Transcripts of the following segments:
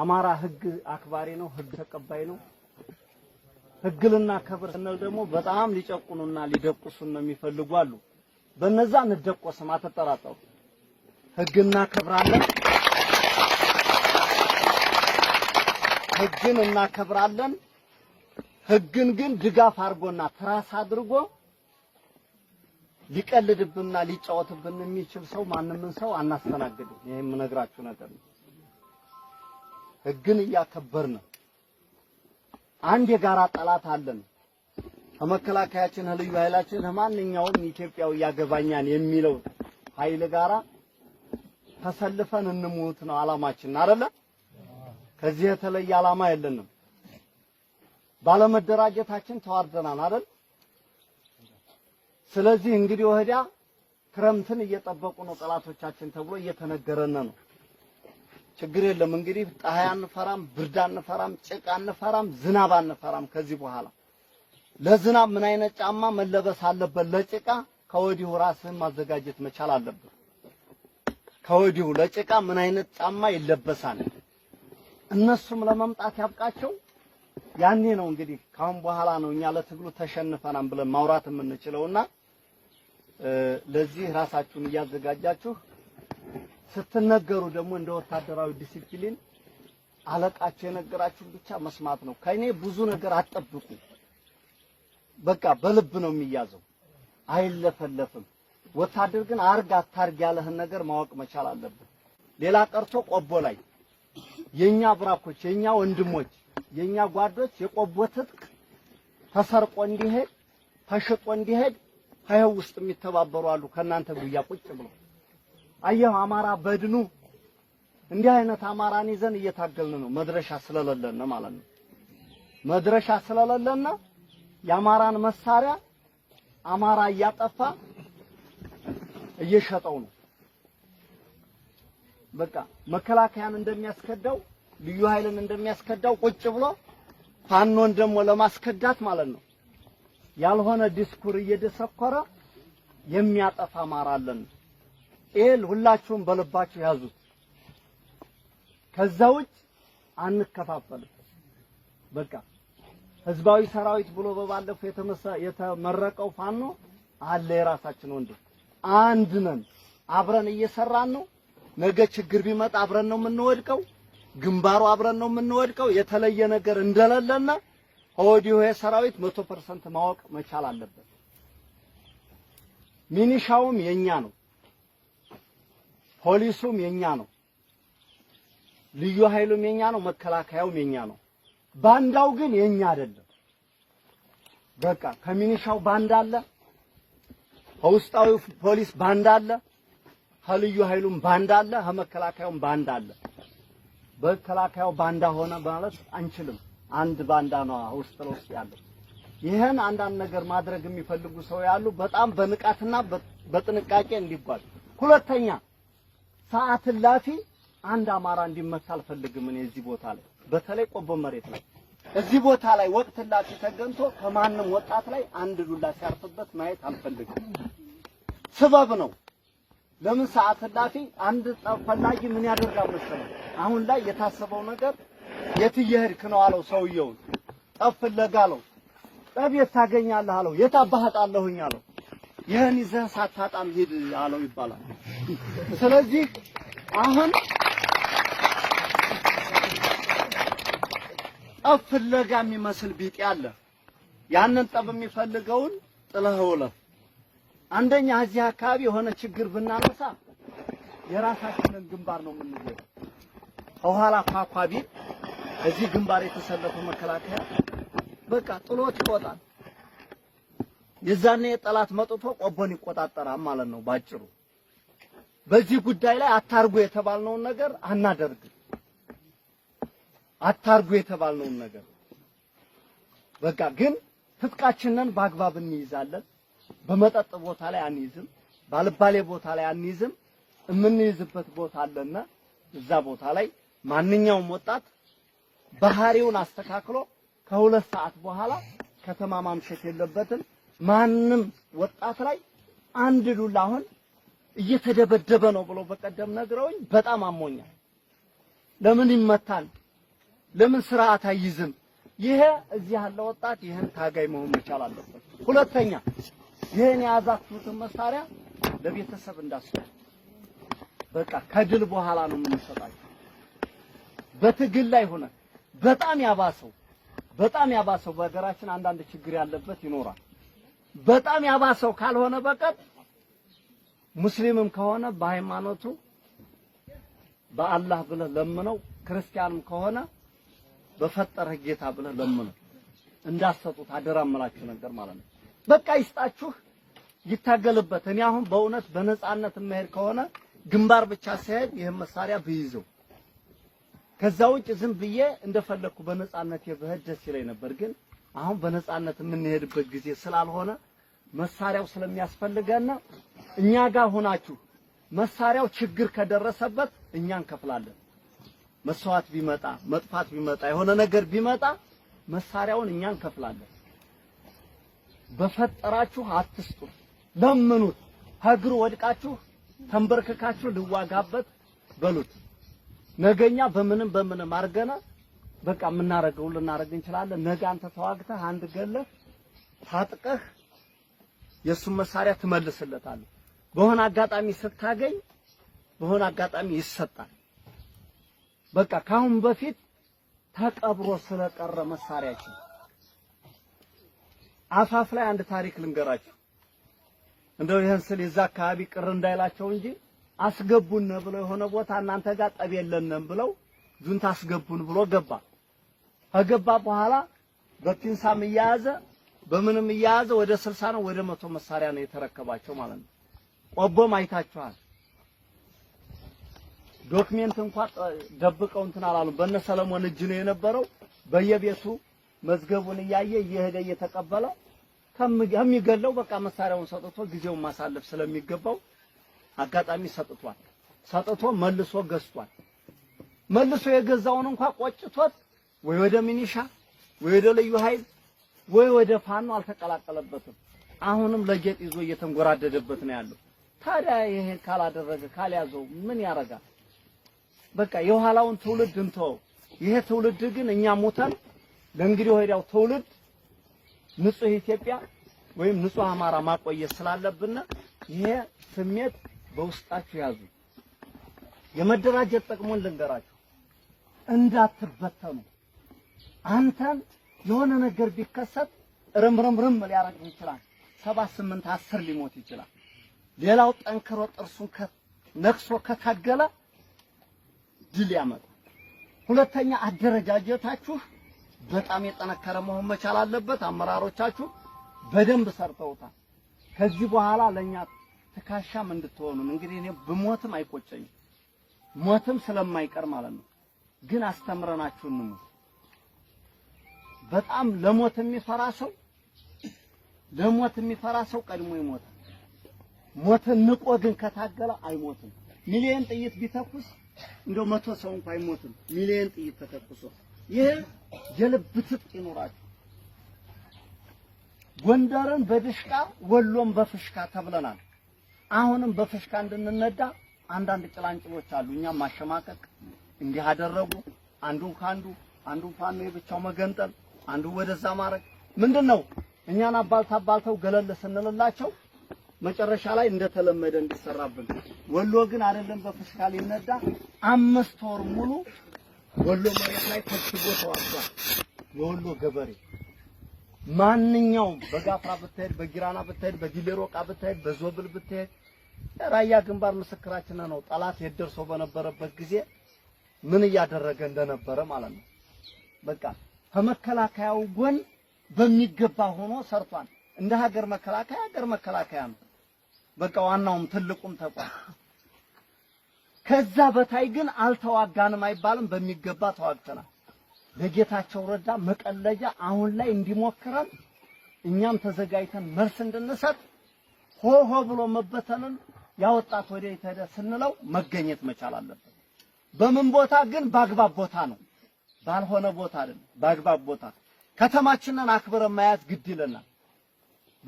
አማራ ህግ አክባሪ ነው፣ ህግ ተቀባይ ነው። ህግ ልናከብር ስንል ደግሞ በጣም ሊጨቁኑና ሊደቁሱን ነው የሚፈልጉ አሉ። በነዛ እንደቆስም አትጠራጠሩ። ህግ እናከብራለን፣ ህግን እናከብራለን። ህግን ግን ድጋፍ አድርጎና ትራስ አድርጎ ሊቀልድብንና ሊጫወትብን የሚችል ሰው ማንምን ሰው አናስተናግድም። ይሄም ነግራችሁ ነገር ነው። ህግን እያከበርን አንድ የጋራ ጠላት አለን። ከመከላከያችን ልዩ ኃይላችን ከማንኛውም ኢትዮጵያው ያገባኛን የሚለው ኃይል ጋራ ተሰልፈን እንሞት ነው አላማችን አይደለ? ከዚህ የተለየ አላማ የለንም። ባለመደራጀታችን ተዋርደናል አይደል? ስለዚህ እንግዲህ ወዲያ ክረምትን እየጠበቁ ነው ጠላቶቻችን ተብሎ እየተነገረን ነው። ችግር የለም እንግዲህ ፀሐይ አንፈራም፣ ብርድ አንፈራም፣ ጭቃ አንፈራም፣ ዝናብ አንፈራም። ከዚህ በኋላ ለዝናብ ምን አይነት ጫማ መለበስ አለበት? ለጭቃ ከወዲሁ ራስህን ማዘጋጀት መቻል አለብህ። ከወዲሁ ለጭቃ ምን አይነት ጫማ ይለበሳል? እነሱም ለመምጣት ያብቃቸው። ያኔ ነው እንግዲህ ካሁን በኋላ ነው እኛ ለትግሉ ተሸንፈናም ብለን ማውራት የምንችለውና ለዚህ ራሳችሁን እያዘጋጃችሁ ስትነገሩ ደግሞ እንደ ወታደራዊ ዲሲፕሊን አለቃቸው የነገራችሁን ብቻ መስማት ነው። ከእኔ ብዙ ነገር አትጠብቁ። በቃ በልብ ነው የሚያዘው፣ አይለፈለፍም። ወታደር ግን አርግ አታርግ ያለህን ነገር ማወቅ መቻል አለብን። ሌላ ቀርቶ ቆቦ ላይ የኛ ብራኮች፣ የኛ ወንድሞች፣ የኛ ጓዶች የቆቦ ትጥቅ ተሰርቆ እንዲሄድ ተሽጦ እንዲሄድ ሀይው ውስጥ የሚተባበሩ አሉ። ከእናንተ ጉያ ቁጭ አየው አማራ በድኑ እንዲህ አይነት አማራን ይዘን እየታገልን ነው። መድረሻ ስለሌለን ማለት ነው። መድረሻ ስለሌለን የአማራን መሳሪያ አማራ እያጠፋ እየሸጠው ነው። በቃ መከላከያን እንደሚያስከዳው ልዩ ኃይልን እንደሚያስከዳው ቁጭ ብሎ ፋኖን ደግሞ ለማስከዳት ማለት ነው ያልሆነ ዲስኩር እየደሰኮረ የሚያጠፋ አማራ አለን። ኤል ሁላችሁም በልባችሁ ያዙት። ከዛ ውጭ አንከፋፈልም። በቃ ህዝባዊ ሰራዊት ብሎ በባለፈው የተመረቀው ፋኖ አለ። የራሳችን ወንድም አንድ ነን፣ አብረን እየሰራን ነው። ነገ ችግር ቢመጣ አብረን ነው የምንወድቀው፣ ግንባሩ አብረን ነው የምንወድቀው። የተለየ ነገር እንደሌለና ኦዲዮ የሰራዊት መቶ ፐርሰንት ማወቅ መቻል አለበት። ሚኒሻውም የኛ ነው። ፖሊሱም የኛ ነው፣ ልዩ ኃይሉም የኛ ነው፣ መከላከያውም የኛ ነው። ባንዳው ግን የኛ አይደለም። በቃ ከሚኒሻው ባንዳ አለ፣ ከውስጣዊ ፖሊስ ባንዳ አለ፣ ከልዩ ኃይሉም ባንዳ አለ፣ ከመከላከያውም ባንዳ አለ። መከላከያው ባንዳ ሆነ ማለት አንችልም። አንድ ባንዳ ነው ውስጥ ለውስጥ ያለው። ይህን አንዳንድ ነገር ማድረግ የሚፈልጉ ሰው ያሉ በጣም በንቃትና በጥንቃቄ እንዲባል ሁለተኛ ሰዓት እላፊ አንድ አማራ እንዲመታ አልፈልግም። እኔ እዚህ ቦታ ላይ በተለይ ቆቦ መሬት ላይ እዚህ ቦታ ላይ ወቅት እላፊ ተገንቶ ከማንም ወጣት ላይ አንድ ዱላ ሲያርፍበት ማየት አልፈልግም። ስበብ ነው። ለምን ሰዓት እላፊ አንድ ፈላጊ ምን ያደርጋል መሰለህ? አሁን ላይ የታሰበው ነገር የት እየሄድክ ነው አለው ሰውየውን። ጠብ ፍለጋ አለው። ጠብ የት ታገኛለህ አለው። የት አባህ አለው። ይህን ይዘህ ሳታጣም ሂድ አለው ይባላል። ስለዚህ አሁን ጠብ ፍለጋ የሚመስል ቢጤ አለ። ያንን ጠብ የሚፈልገውን ጥለህ ውለህ። አንደኛ እዚህ አካባቢ የሆነ ችግር ብናነሳ የራሳችንን ግንባር ነው የምንይዘው። ከኋላ ኳኳቢ እዚህ ግንባር የተሰለፈ መከላከያ በቃ ጥሎት ይወጣል። የዛኔ ጠላት መጥቶ ቆቦን ይቆጣጠራል ማለት ነው ባጭሩ። በዚህ ጉዳይ ላይ አታርጉ የተባልነውን ነገር አናደርግ። አታርጉ የተባልነውን ነገር በቃ ግን ትጥቃችንን በአግባብ እንይዛለን። በመጠጥ ቦታ ላይ አንይዝም፣ ባልባሌ ቦታ ላይ አንይዝም። የምንይዝበት ቦታ አለና እዛ ቦታ ላይ ማንኛውም ወጣት ባህሪውን አስተካክሎ ከሁለት ሰዓት በኋላ ከተማ ማምሸት የለበትም። ማንም ወጣት ላይ አንድ ዱላ አሁን እየተደበደበ ነው ብሎ በቀደም ነግረውኝ በጣም አሞኛል። ለምን ይመታል? ለምን ስርዓት አይይዝም? ይሄ እዚህ ያለ ወጣት ይህን ታጋይ መሆን መቻል አለበት። ሁለተኛ ይህን የያዛችሁትን መሳሪያ ለቤተሰብ እንዳስችል በቃ ከድል በኋላ ነው የምንሰጣቸው። በትግል ላይ ሆነ በጣም ያባሰው በጣም ያባሰው በሀገራችን አንዳንድ ችግር ያለበት ይኖራል። በጣም ያባሰው ካልሆነ በቀር ሙስሊምም ከሆነ በሃይማኖቱ በአላህ ብለህ ለምነው፣ ክርስቲያንም ከሆነ በፈጠረ ጌታ ብለህ ለምነው። እንዳሰጡት አደራመላችሁ ነገር ማለት ነው። በቃ ይስጣችሁ፣ ይታገልበት። እኔ አሁን በእውነት በነፃነት መሄድ ከሆነ ግንባር ብቻ ሳይሄድ ይህን መሳሪያ ብይዘው ከዛ ውጭ ዝም ብዬ እንደፈለግኩ በነፃነት የብሄድ ደስ ይለኝ ነበር ግን አሁን በነጻነት የምንሄድበት ጊዜ ስላልሆነ መሳሪያው ስለሚያስፈልገና እኛ ጋር ሆናችሁ መሳሪያው ችግር ከደረሰበት እኛ እንከፍላለን። መስዋዕት ቢመጣ መጥፋት ቢመጣ የሆነ ነገር ቢመጣ መሳሪያውን እኛ እንከፍላለን። በፈጠራችሁ አትስጡ፣ ለምኑት። ከእግሩ ወድቃችሁ ተንበርክካችሁ ልዋጋበት በሉት። ነገኛ በምንም በምንም አድርገና በቃ የምናረገው ልናረግ እንችላለን። ነገ አንተ ተዋግተህ አንድ ገለህ ታጥቀህ የእሱን መሳሪያ ትመልስለታለህ። በሆነ አጋጣሚ ስታገኝ በሆነ አጋጣሚ ይሰጣል። በቃ ካሁን በፊት ተቀብሮ ስለቀረ መሳሪያችን አፋፍ ላይ አንድ ታሪክ ልንገራችሁ። እንደው ይህን ስል የዛ አካባቢ ቅር እንዳይላቸው እንጂ አስገቡን ብለው የሆነ ቦታ እናንተ ጋር ጠብ የለንም ብለው ጁንታ አስገቡን ብሎ ገባ። ከገባ በኋላ በፒንሳም እያያዘ በምንም እያያዘ ወደ ስልሳ ነው ወደ መቶ መሳሪያ ነው የተረከባቸው ማለት ነው። ቆቦም አይታችኋል። ዶክሜንት እንኳን ደብቀው እንትን አላሉም። በእነ ሰለሞን እጅ ነው የነበረው። በየቤቱ መዝገቡን እያየ እየሄደ እየተቀበለ ከሚገለው በቃ መሳሪያውን ሰጥቶ ጊዜውን ማሳለፍ ስለሚገባው አጋጣሚ ሰጥቷል። ሰጥቶ መልሶ ገዝቷል። መልሶ የገዛውን እንኳን ቆጭቶት ወይ ወደ ሚኒሻ ወይ ወደ ልዩ ኃይል ወይ ወደ ፋኖ አልተቀላቀለበትም። አሁንም ለጌጥ ይዞ እየተንጎራደደበት ነው ያለው። ታዲያ ይሄን ካላደረገ ካልያዘው ምን ያደርጋል? በቃ የኋላውን ትውልድ እንተው ይሄ ትውልድ ግን እኛ ሞተን ለእንግዲህ ወዲያው ትውልድ ንጹህ ኢትዮጵያ ወይም ንጹህ አማራ ማቆየት ስላለብን ይሄ ስሜት በውስጣችሁ ያዙ። የመደራጀት ጥቅሙን ልንገራችሁ፣ እንዳትበተኑ። አንተን የሆነ ነገር ቢከሰት ርምርምርም ሊያረግ ይችላል። ሰባት ስምንት አስር ሊሞት ይችላል። ሌላው ጠንክሮ ጥርሱን ነክሶ ከታገለ ድል ያመጣል። ሁለተኛ አደረጃጀታችሁ በጣም የጠነከረ መሆን መቻል አለበት። አመራሮቻችሁ በደንብ ሰርተውታል። ከዚህ በኋላ ለኛ ትካሻም እንድትሆኑን እንግዲህ እኔ ብሞትም አይቆጨኝም፣ ሞትም ስለማይቀር ማለት ነው። ግን አስተምረናችሁ እንሙት። በጣም ለሞት የሚፈራ ሰው ለሞት የሚፈራ ሰው ቀድሞ ይሞታል። ሞትን ንቆ ግን ከታገለ አይሞትም። ሚሊየን ጥይት ቢተኩስ እንደው መቶ ሰው እንኳን አይሞትም። ሚሊየን ጥይት ተተኩሶ ይሄ የልብ ትጥቅ ይኖራችሁ። ጎንደርን በድሽቃ ወሎም በፍሽካ ተብለናል። አሁንም በፍሽካ እንድንነዳ አንዳንድ ጭላንጭሎች አሉ። እኛም ማሸማቀቅ እንዲህ አደረጉ። አንዱን ካንዱ አንዱን ፋኖ የብቻው መገንጠል አንዱ ወደዛ ማድረግ ምንድን ነው እኛን አባልታ አባልተው ገለል ስንልላቸው መጨረሻ ላይ እንደተለመደ እንዲሰራብን። ወሎ ግን አይደለም በፍስካል ይነዳ። አምስት ወር ሙሉ ወሎ መሬት ላይ ተሽጎ ተዋጓል። የወሎ ገበሬ ማንኛውም በጋፍራ ብትሄድ፣ በጊራና ብትሄድ፣ በዲሌሮቃ ብትሄድ፣ በዞብል ብትሄድ ራያ ግንባር ምስክራችን ነው። ጠላት የደርሶ በነበረበት ጊዜ ምን እያደረገ እንደነበረ ማለት ነው በቃ ከመከላከያው ጎን በሚገባ ሆኖ ሰርቷል። እንደ ሀገር መከላከያ ሀገር መከላከያ ነው፣ በቃ ዋናውም ትልቁም ተቋም። ከዛ በታይ ግን አልተዋጋንም አይባልም፣ በሚገባ ተዋግተናል። ለጌታቸው ረዳ መቀለጃ አሁን ላይ እንዲሞክረን እኛም ተዘጋጅተን መልስ እንድንሰጥ ሆሆ ብሎ መበተንን ያወጣት ወደ የተደ ስንለው መገኘት መቻል አለበት። በምን ቦታ ግን በአግባብ ቦታ ነው። ባልሆነ ቦታ አይደለም፣ በአግባብ ቦታ ከተማችንን አክብረን ማያት ግድ ይለናል።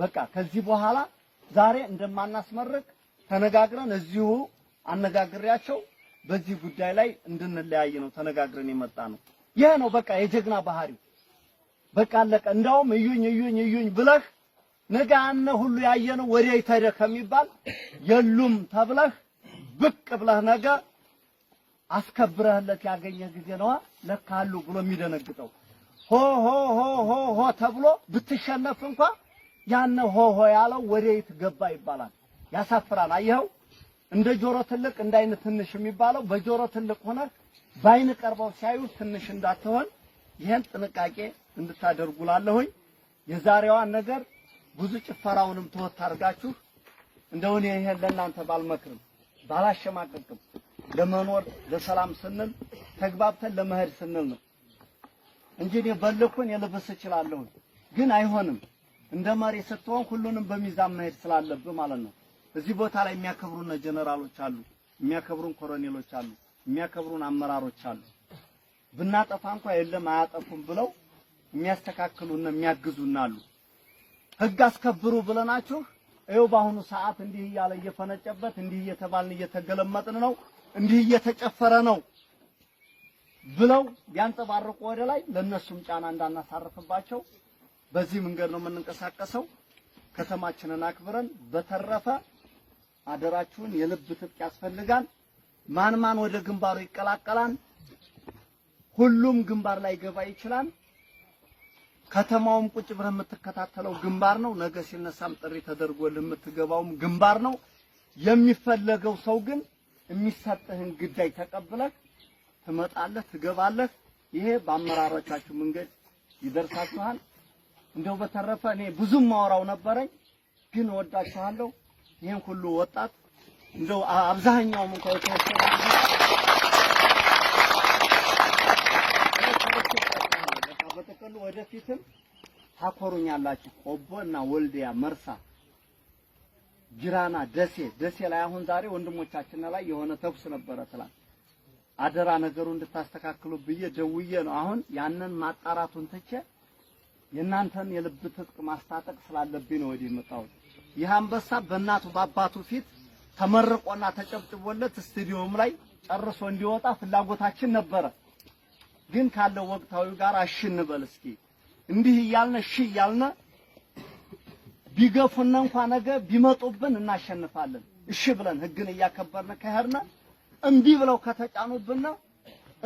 በቃ ከዚህ በኋላ ዛሬ እንደማናስመርቅ ተነጋግረን እዚሁ አነጋግሬያቸው በዚህ ጉዳይ ላይ እንድንለያይ ነው ተነጋግረን የመጣ ነው። ይሄ ነው በቃ የጀግና ባህሪው። በቃ አለቀ። እንዳውም እዩኝ እዩኝ እዩኝ ብለህ ነገ አነ ሁሉ ያየነው ወዲያ ይተደ ከሚባል የሉም ተብለህ ብቅ ብለህ ነገ አስከብረህለት ያገኘህ ጊዜ ነዋ ለካ አሉ ብሎ የሚደነግጠው ሆ ሆ ሆ ሆ ሆ ተብሎ ብትሸነፍ እንኳ ያነ ሆ ሆ ያለው ወዴት ገባ ይባላል። ያሳፍራል። አየኸው እንደ ጆሮ ትልቅ እንደ አይን ትንሽ የሚባለው በጆሮ ትልቅ ሆነ በአይን ቀርበው ሲያዩ ትንሽ እንዳትሆን ይህን ጥንቃቄ እንድታደርጉላለሁኝ። የዛሬዋን ነገር ብዙ ጭፈራውንም ተወት አድርጋችሁ እንደውን ይሄን ለእናንተ ባልመክርም ባላሸማቀቅም ለመኖር ለሰላም ስንል ተግባብተን ለመሄድ ስንል ነው እንጂ እኔ በልኩን የልብስ እችላለሁ፣ ግን አይሆንም። እንደ መሪ ስትሆን ሁሉንም በሚዛን መሄድ ስላለብህ ማለት ነው። እዚህ ቦታ ላይ የሚያከብሩን ጀነራሎች አሉ፣ የሚያከብሩን ኮሎኔሎች አሉ፣ የሚያከብሩን አመራሮች አሉ። ብናጠፋ እንኳ የለም አያጠፉም ብለው የሚያስተካክሉና የሚያግዙን አሉ። ህግ አስከብሩ ብለናችሁ ይኸው በአሁኑ ሰዓት እንዲህ እያለ እየፈነጨበት እንዲህ እየተባልን እየተገለመጥን ነው። እንዲህ እየተጨፈረ ነው ብለው ቢያንጸባርቁ ወደ ላይ ለነሱም ጫና እንዳናሳርፍባቸው በዚህ መንገድ ነው የምንንቀሳቀሰው። ከተማችንን አክብረን በተረፈ አደራችሁን የልብ ትጥቅ ያስፈልጋል። ማን ማን ወደ ግንባሩ ይቀላቀላል? ሁሉም ግንባር ላይ ገባ ይችላል። ከተማውም ቁጭ ብለህ የምትከታተለው ግንባር ነው። ነገ ሲነሳም ጥሪ ተደርጎልህ የምትገባውም ግንባር ነው። የሚፈለገው ሰው ግን የሚሰጥህን ግዳይ ተቀብለህ ትመጣለህ፣ ትገባለህ። ይሄ በአመራሮቻችሁ መንገድ ይደርሳችኋል። እንደው በተረፈ እኔ ብዙም ማወራው ነበረኝ፣ ግን ወዳችኋለሁ። ይሄን ሁሉ ወጣት እንደው አብዛኛው ምን ከተወሰነ በጥቅሉ ወደፊትም ታኮሩኛላችሁ። እና ወልዲያ መርሳ ጅራና ደሴ ደሴ ላይ አሁን ዛሬ ወንድሞቻችን ላይ የሆነ ተኩስ ነበረ ትላል። አደራ ነገሩ እንድታስተካክሉ ብዬ ደውዬ ነው። አሁን ያንን ማጣራቱን ትቼ የእናንተን የልብ ትጥቅ ማስታጠቅ ስላለብኝ ነው ወዲህ የመጣሁት። ይህ አንበሳ በእናቱ በአባቱ ፊት ተመርቆና ተጨብጭቦለት ስቱዲዮም ላይ ጨርሶ እንዲወጣ ፍላጎታችን ነበረ። ግን ካለው ወቅታዊ ጋር አሽ እስኪ እንዲህ እያልነ እሺ እያልነ ቢገፉን እንኳ ነገ ቢመጡብን እናሸንፋለን። እሺ ብለን ህግን እያከበርን ከሄድን እምቢ ብለው ከተጫኑብን፣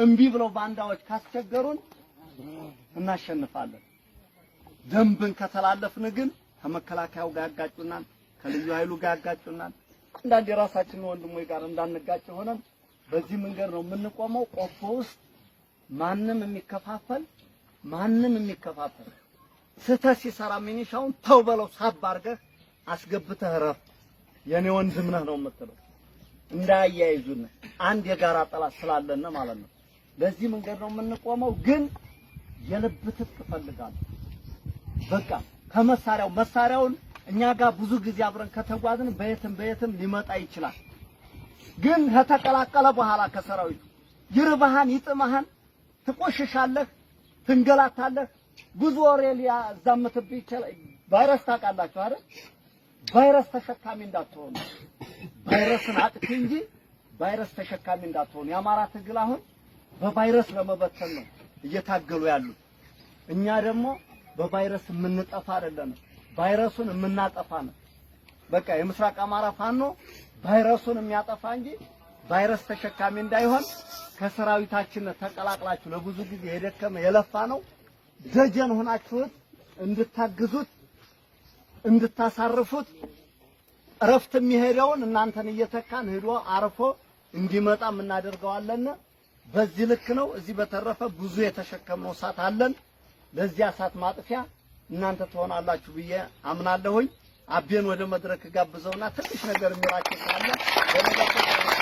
እምቢ ብለው ባንዳዎች ካስቸገሩን እናሸንፋለን። ደንብን ከተላለፍን ግን ከመከላከያው ጋር ያጋጩናል፣ ከልዩ ኃይሉ ጋር ያጋጩናል። አንዳንድ የራሳችንን ወንድሞች ጋር እንዳንጋጭ ሆነን በዚህ መንገድ ነው የምንቆመው። ቆፎ ውስጥ ማንም የሚከፋፈል ማንም የሚከፋፈል ስህተት ሲሰራ ሚኒሻውን ተው በለው ሳብ አድርገህ አስገብተህ እረፍ፣ የኔ ወንድም ነህ ነው የምትለው። እንዳያይዙን አንድ የጋራ ጠላት ስላለነ ማለት ነው። በዚህ መንገድ ነው የምንቆመው። ግን የልብ ትጥቅ በቃ ከመሳሪያው መሳሪያውን እኛ ጋር ብዙ ጊዜ አብረን ከተጓዝን በየትም በየትም ሊመጣ ይችላል። ግን ከተቀላቀለ በኋላ ከሰራዊቱ ይርባሃን፣ ይጥማሃን፣ ትቆሽሻለህ፣ ትንገላታለህ። ብዙ ወሬ ሊያዛምትብህ ይችላል። ቫይረስ ታውቃላችሁ አይደል? ቫይረስ ተሸካሚ እንዳትሆኑ፣ ቫይረስን አጥፊ እንጂ ቫይረስ ተሸካሚ እንዳትሆኑ። የአማራ ትግል አሁን በቫይረስ ለመበተን ነው እየታገሉ ያሉ እኛ ደግሞ በቫይረስ የምንጠፋ አይደለም፣ ቫይረሱን የምናጠፋ ነው። በቃ የምስራቅ አማራ ፋኖ ቫይረሱን የሚያጠፋ እንጂ ቫይረስ ተሸካሚ እንዳይሆን ከሰራዊታችን ተቀላቅላችሁ ለብዙ ጊዜ የደከመ የለፋ ነው ደጀን ሆናችሁት እንድታግዙት እንድታሳርፉት እረፍት የሚሄደውን እናንተን እየተካን ሄዶ አርፎ እንዲመጣም እናደርገዋለን። በዚህ ልክ ነው። እዚህ በተረፈ ብዙ የተሸከመው እሳት አለን። ለዚያ እሳት ማጥፊያ እናንተ ትሆናላችሁ ብዬ አምናለሁኝ። አቤን ወደ መድረክ ጋብዘውና ትንሽ ነገር የሚራቸው ካለ